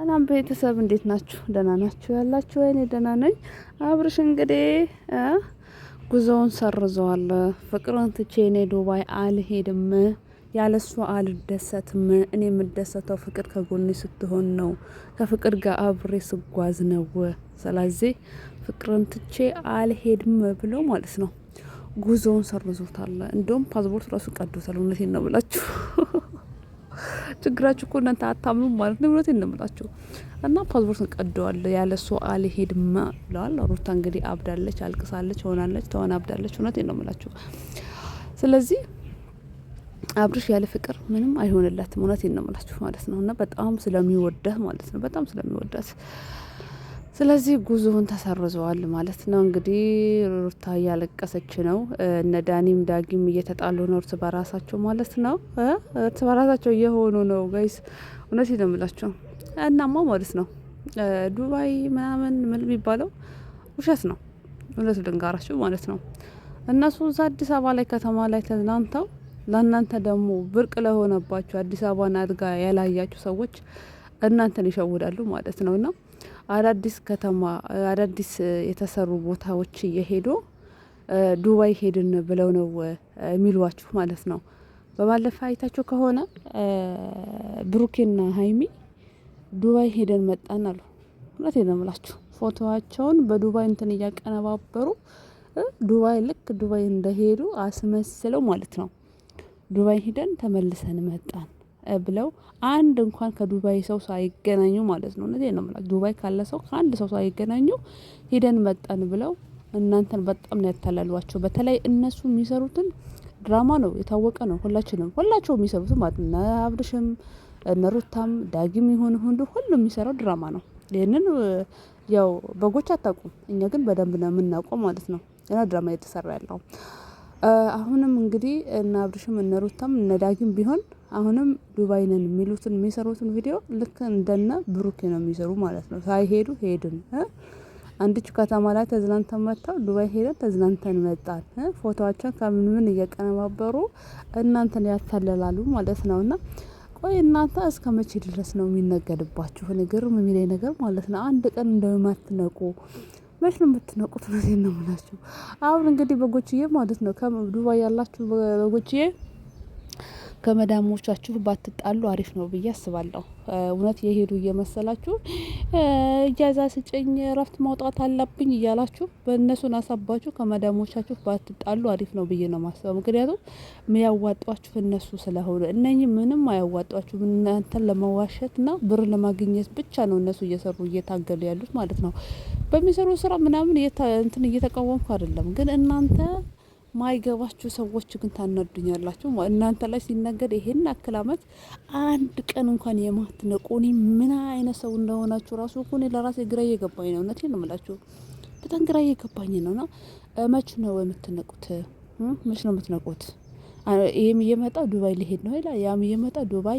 ሰላም ቤተሰብ እንዴት ናችሁ? ደህና ናችሁ ያላችሁ? እኔ ደህና ነኝ። አብርሽ እንግዲህ ጉዞውን ሰርዘዋል። ፍቅርን ትቼ እኔ ዱባይ አልሄድም፣ ያለሱ አልደሰትም። እኔ የምደሰተው ፍቅር ከጎኔ ስትሆን ነው፣ ከፍቅር ጋር አብሬ ስጓዝ ነው። ስለዚህ ፍቅርን ትቼ አልሄድም ብሎ ማለት ነው ጉዞውን ሰርዞታል። እንዲሁም ፓስፖርት ራሱ ቀዶታል። እውነቴን ነው ብላችሁ ችግራችሁ እኮ እናንተ አታምኑ ማለት ነው። እውነቴን ነው የምላችሁ። እና ፓስፖርትን ቀደዋል ያለ እሱ አልሄድም ብለዋል። ሩታ እንግዲህ አብዳለች፣ አልቅሳለች፣ ሆናለች፣ ተሆን አብዳለች። እውነቴን ነው የምላችሁ። ስለዚህ አብርሽ ያለ ፍቅር ምንም አይሆንላትም። እውነቴን ነው የምላችሁ ማለት ነው። እና በጣም ስለሚወደህ ማለት ነው በጣም ስለሚወዳት ስለዚህ ጉዞውን ተሰርዘዋል ማለት ነው። እንግዲህ ሩታ እያለቀሰች ነው። እነ ዳኒም ዳጊም እየተጣሉ ነው እርስ በራሳቸው ማለት ነው። እርስ በራሳቸው እየሆኑ ነው ጋይስ፣ እውነት ነው የምላቸው። እናማ ማለት ነው ዱባይ ምናምን ምን የሚባለው ውሸት ነው። እውነት ልንጋራችሁ ማለት ነው። እነሱ እዛ አዲስ አበባ ላይ ከተማ ላይ ተዝናንተው ለእናንተ ደግሞ ብርቅ ለሆነባችሁ አዲስ አበባን አድጋ ያላያችሁ ሰዎች እናንተን ይሸውዳሉ ማለት ነው እና አዳዲስ ከተማ አዳዲስ የተሰሩ ቦታዎች እየሄዱ ዱባይ ሄድን ብለው ነው የሚሏችሁ ማለት ነው። በባለፈ አይታችሁ ከሆነ ብሩኬና ሀይሚ ዱባይ ሄደን መጣን አሉ። እውነት ነው የምላችሁ ፎቶዋቸውን በዱባይ እንትን እያቀነባበሩ ዱባይ ልክ ዱባይ እንደሄዱ አስመስለው ማለት ነው። ዱባይ ሄደን ተመልሰን መጣን ብለው አንድ እንኳን ከዱባይ ሰው ሳይገናኙ ማለት ነው። እነዚህ ነው ዱባይ ካለ ሰው ከአንድ ሰው ሳይገናኙ ሂደን መጠን ብለው እናንተን በጣም ነው ያታላሏቸው። በተለይ እነሱ የሚሰሩትን ድራማ ነው የታወቀ ነው። ሁላችንም ሁላቸው የሚሰሩት ማለት ነው። አብርሽም ነሩታም ዳጊም የሆን ሁንዱ ሁሉ የሚሰራው ድራማ ነው። ይህንን ያው በጎች አታውቁም፣ እኛ ግን በደንብ ነው የምናውቀው ማለት ነው። እና ድራማ እየተሰራ ያለው አሁንም እንግዲህ እነ አብርሽም እነሩታም እነ ዳጊም ቢሆን አሁንም ዱባይ ነን የሚሉትን የሚሰሩትን ቪዲዮ ልክ እንደነ ብሩኬ ነው የሚሰሩ ማለት ነው። ሳይሄዱ ሄድን አንድች ከተማ ላይ ተዝናንተን መጥተው ዱባይ ሄደን ተዝናንተን መጣን። ፎቶዋቸውን ከምን ምን እየቀነባበሩ እናንተን ያታለላሉ ማለት ነው። እና ቆይ እናንተ እስከ መቼ ድረስ ነው የሚነገድባችሁ ንግር የሚለኝ ነገር ማለት ነው። አንድ ቀን እንደማትነቁ መች ነው የምትነቁት? ነው ነው ምላችሁ። አሁን እንግዲህ በጎችዬ ማለት ነው ከዱባይ ያላችሁ በጎችዬ ከመዳሞቻችሁ ባትጣሉ አሪፍ ነው ብዬ አስባለሁ። እውነት የሄዱ እየመሰላችሁ እጃዛ ስጭኝ እረፍት ማውጣት አለብኝ እያላችሁ በእነሱን አሳባችሁ ከመዳሞቻችሁ ባትጣሉ አሪፍ ነው ብዬ ነው ማስበው። ምክንያቱም የሚያዋጧችሁ እነሱ ስለሆነ እነኚህ ምንም አያዋጧችሁም። እናንተን ለመዋሸትና ብር ለማግኘት ብቻ ነው እነሱ እየሰሩ እየታገሉ ያሉት ማለት ነው። በሚሰሩ ስራ ምናምን እንትን እየተቃወምኩ አይደለም፣ ግን እናንተ ማይገባችሁ ሰዎች ግን ታናዱኛላችሁ። እናንተ ላይ ሲነገር ይሄን አክል አመት አንድ ቀን እንኳን የማትነቁ እኔ ምን አይነት ሰው እንደሆናችሁ ራሱ እኮ እኔ ለራሴ ግራ እየገባኝ ነው። እውነቴን ነው የምላችሁ፣ በጣም ግራ እየገባኝ ነው። ና መች ነው የምትነቁት? መች ነው የምትነቁት? ይህም እየመጣ ዱባይ ሊሄድ ነው ይላል። ያም እየመጣ ዱባይ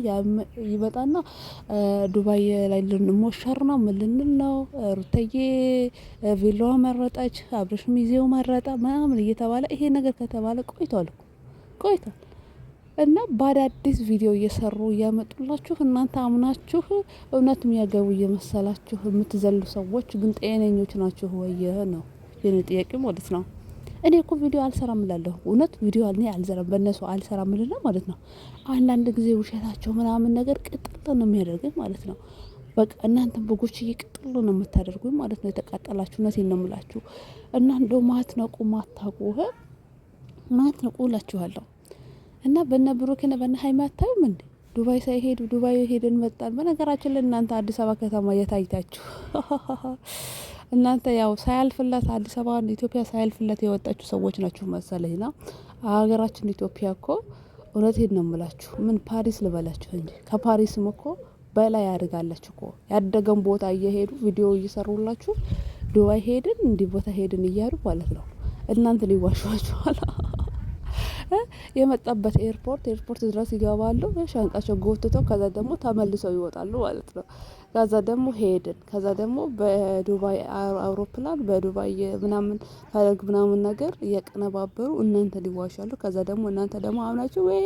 ይመጣና ዱባይ ላይ ልንሞሸር ነው። ምን ልንል ነው? ሩተዬ ቪላዋ መረጠች፣ አብረሽ ሚዜው መረጠ ምናምን እየተባለ ይሄ ነገር ከተባለ ቆይቷል ቆይቷል። እና በአዳዲስ ቪዲዮ እየሰሩ እያመጡላችሁ እናንተ አምናችሁ እውነት የሚያገቡ እየመሰላችሁ የምትዘሉ ሰዎች ግን ጤነኞች ናችሁ ወየ ነው የኔ ጥያቄ ማለት ነው። እኔ እኮ ቪዲዮ አልሰራም እላለሁ። እውነት ቪዲዮ እኔ አልሰራም በእነሱ አልሰራም እልና ማለት ነው። አንዳንድ ጊዜ ውሸታቸው ምናምን ነገር ቅጥል ነው የሚያደርገኝ ማለት ነው። በቃ እናንተን በጎች እየቅጥሉ ነው የምታደርጉኝ ማለት ነው። የተቃጠላችሁ እውነቴን ነው የምላችሁ። እና እንደው ማታቁ ማት ነቁ እላችኋለሁ። እና በነ ብሩክና በነ ሀይሚ አታዩም እንዴ? ዱባይ ሳይሄዱ ዱባይ ሄደን መጣን። በነገራችን ላይ እናንተ አዲስ አበባ ከተማ የታይታችሁ እናንተ ያው ሳያልፍላት አዲስ አበባ ኢትዮጵያ ሳያልፍላት የወጣችሁ ሰዎች ናችሁ መሰለኝ። ና ሀገራችን ኢትዮጵያ እኮ እውነቴን ነው የምላችሁ፣ ምን ፓሪስ ልበላችሁ እንጂ ከፓሪስም እኮ በላይ ያድጋላችሁ እኮ። ያደገን ቦታ እየሄዱ ቪዲዮ እየሰሩላችሁ ዱባይ ሄድን እንዲህ ቦታ ሄድን እያሉ ማለት ነው። እናንተ ሊዋሸዋችኋል። የመጣበት ኤርፖርት ኤርፖርት ድረስ ይገባሉ። ሻንጣቸው ጎትተው ከዛ ደግሞ ተመልሰው ይወጣሉ ማለት ነው። ከዛ ደግሞ ሄድን። ከዛ ደግሞ በዱባይ አውሮፕላን በዱባይ ምናምን ፈለግ ምናምን ነገር እያቀነባበሩ እናንተ ሊዋሻሉ ከዛ ደግሞ እናንተ ደግሞ አምናችሁ ወይ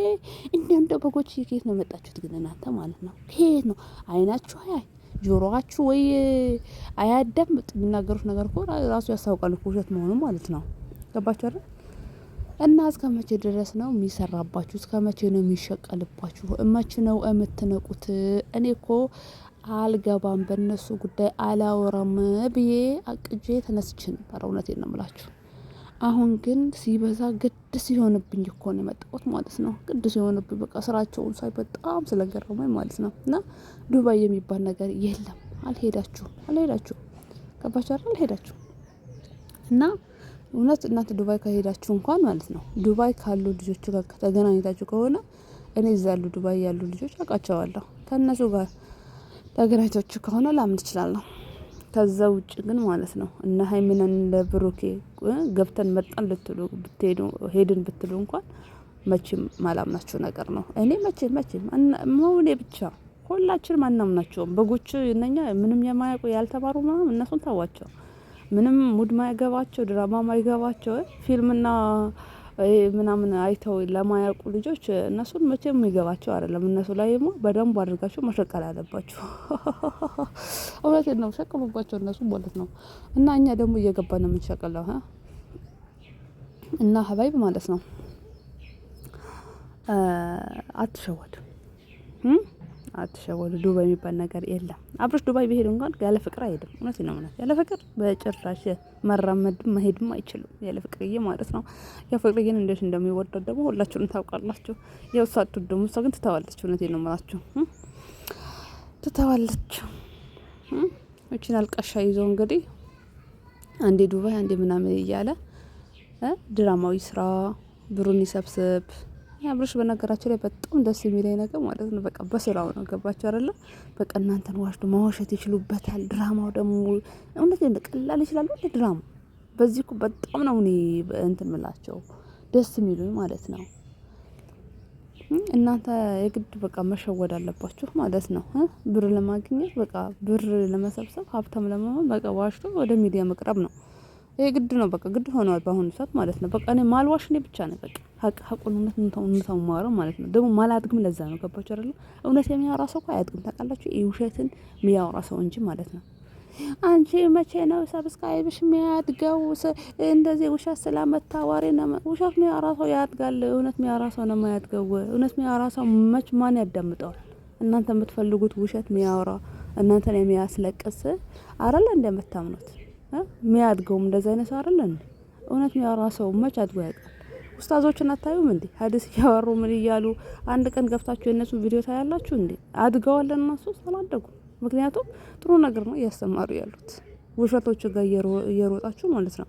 እንዲያም በጎች ከየት ነው የመጣችሁት ግን እናንተ ማለት ነው። ከየት ነው አይናችሁ አያይ ጆሮአችሁ ወይ አያደምጥ የሚናገሩት ነገር እኮ ራሱ ያስታውቃል ውሸት መሆኑ ማለት ነው። ገባችሁ አይደል? እና እስከ መቼ ድረስ ነው የሚሰራባችሁ? እስከ መቼ ነው የሚሸቀልባችሁ? መቼ ነው የምትነቁት? እኔ ኮ አልገባም በእነሱ ጉዳይ አላወራም ብዬ አቅጄ ተነስቼ ነበር። እውነቴን ነው የምላችሁ። አሁን ግን ሲበዛ ግድ ሲሆንብኝ እኮ ነው የመጣሁት ማለት ነው። ግድ ሲሆንብኝ በቃ ስራቸውን ሳይ በጣም ስለገረመኝ ማለት ነው። እና ዱባይ የሚባል ነገር የለም። አልሄዳችሁም፣ አልሄዳችሁም፣ ገባችሁ አይደል? አልሄዳችሁም እና እውነት እናንተ ዱባይ ከሄዳችሁ እንኳን ማለት ነው ዱባይ ካሉ ልጆች ጋር ተገናኝታችሁ ከሆነ እኔ እዛ ያሉ ዱባይ ያሉ ልጆች አውቃቸዋለሁ። ከእነሱ ጋር ተገናኝታችሁ ከሆነ ላምን እችላለሁ። ከዛ ውጭ ግን ማለት ነው እና ሀይሚነን ለብሩኬ ገብተን መጣን ልትሉ ብትሄዱ ሄድን ብትሉ እንኳን መቼም ማላምናቸው ነገር ነው። እኔ መቼም መቼም መሆኔ ብቻ ሁላችንም አናምናቸውም። በጎች እነኛ ምንም የማያውቁ ያልተማሩ ምናምን እነሱን ታዋቸው ምንም ሙድ ማይገባቸው ድራማ ማይገባቸው ፊልምና ምናምን አይተው ለማያውቁ ልጆች እነሱን መቼም የሚገባቸው አይደለም። እነሱ ላይ ደግሞ በደንብ አድርጋቸው መሸቀል አለባቸው። እውነት ነው፣ ሸቅሉባቸው እነሱ ማለት ነው። እና እኛ ደግሞ እየገባ ነው የምንሸቅለው እና ሀባይብ ማለት ነው። አትሸወዱ። አትሸወዱ። ዱባይ የሚባል ነገር የለም። አብሮች ዱባይ ቢሄዱ እንኳን ያለ ፍቅር አይሄድም። እውነት ነው እውነት ያለ ፍቅር በጭራሽ መራመድም መሄድም አይችልም። ያለ ፍቅርዬ ማለት ነው። ያ ፍቅርዬን እንዴት እንደሚወደድ ደግሞ ሁላችሁን ታውቃላችሁ። ያው እሷ አትወደውም፣ እሷ ግን ትተዋለች። እውነት ነው የምላችሁ ትተዋለች። እችን አልቃሻ ይዞ እንግዲህ አንዴ ዱባይ አንዴ ምናምን እያለ ድራማዊ ስራ ብሩን ይሰብስብ አብርሽ በነገራቸው ላይ በጣም ደስ የሚለኝ ነገር ማለት ነው፣ በቃ በስራው ነው። ገባቸው አይደለ? በቃ እናንተን ዋሽዶ መዋሸት ይችሉበታል። ድራማው ደግሞ እውነት ቀላል ይችላል ወይ ድራማ በዚህ እኮ በጣም ነው እኔ እንትን ምላቸው ደስ የሚሉኝ ማለት ነው። እናንተ የግድ በቃ መሸወድ አለባችሁ ማለት ነው። ብር ለማግኘት በቃ ብር ለመሰብሰብ ሀብታም ለመሆን በቃ ዋሽቶ ወደ ሚዲያ መቅረብ ነው። ይሄ ግድ ነው። በቃ ግድ ሆኗል በአሁኑ ሰዓት ማለት ነው። በቃ እኔ ማልዋሽ እኔ ብቻ ነው በቃ ሀቅ ሀቁን እውነት እንተው ማረው ማለት ነው። ደግሞ ማላድግም ለዛ ነው። ገባችሁ አይደለ? እውነት የሚያወራ ሰው እኮ አያድግም ታውቃላችሁ። ውሸትን የሚያወራ ሰው እንጂ ማለት ነው። አንቺ መቼ ነው ሰብስክራይብሽ የሚያድገው? እንደዚህ ውሸት ስለመታ ወሬ ነው። ውሸት የሚያወራ ሰው ያድጋል። እውነት የሚያወራ ሰው ነው የማያድገው። እውነት የሚያወራ ሰው መች ማን ያዳምጠዋል? እናንተ የምትፈልጉት ውሸት የሚያወራ እናንተን የሚያስለቅስ አይደለ እንደምታምኑት ሚያድገውም እንደዚ አይነት ሰው አይደለ እንዴ? እውነት የሚያወራ ሰው መች አድጎ ያውቃል? ኡስታዞችን አታዩም እንዴ? ሀዲስ እያወሩ ምን እያሉ አንድ ቀን ገብታችሁ የእነሱ ቪዲዮ ታያላችሁ እንዴ? አድገዋለን እነሱ ስላደጉ። ምክንያቱም ጥሩ ነገር ነው እያስተማሩ ያሉት ውሸቶች ጋር እየሮጣችሁ ማለት ነው።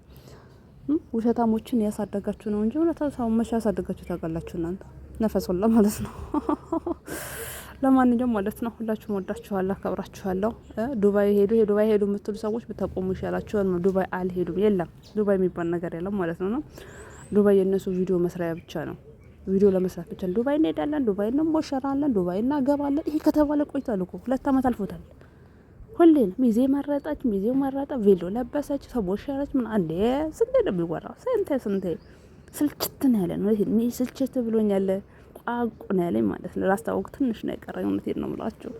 ውሸታሞችን ያሳደጋችሁ ነው እንጂ እውነት ሰው መቼ ያሳደጋችሁ ታውቃላችሁ እናንተ ነፈሶላ ማለት ነው። ለማንኛውም ማለት ነው ሁላችሁም ወዳችኋለሁ፣ አከብራችኋለሁ። ዱባይ ሄዱ ዱባይ ሄዱ የምትሉ ሰዎች ብታቆሙ ይሻላችኋል። ዱባይ አልሄዱም የለም ዱባይ የሚባል ነገር የለም ማለት ነው ነው ዱባይ የእነሱ ቪዲዮ መስሪያ ብቻ ነው። ቪዲዮ ለመስራት ብቻ ነው። ዱባይ እንሄዳለን፣ ዱባይ እንሞሸራለን፣ ዱባይ እናገባለን። ይሄ ከተባለ ቆይቷል እኮ ሁለት ዓመት አልፎታል። ሁሌ ነው ሚዜ መረጠች፣ ሚዜ መረጠ፣ ቬሎ ለበሰች፣ ተሞሸረች። ምን አንዴ ስንቴ ነው የሚወራው? ስንቴ ስንቴ ስልችት ነው ያለ ነው። ስልችት ብሎኛል። አቁ ነው ያለኝ ማለት ነው። ላስታወቅ ትንሽ ነው የቀረኝ። እውነቴን ነው የምላችሁ።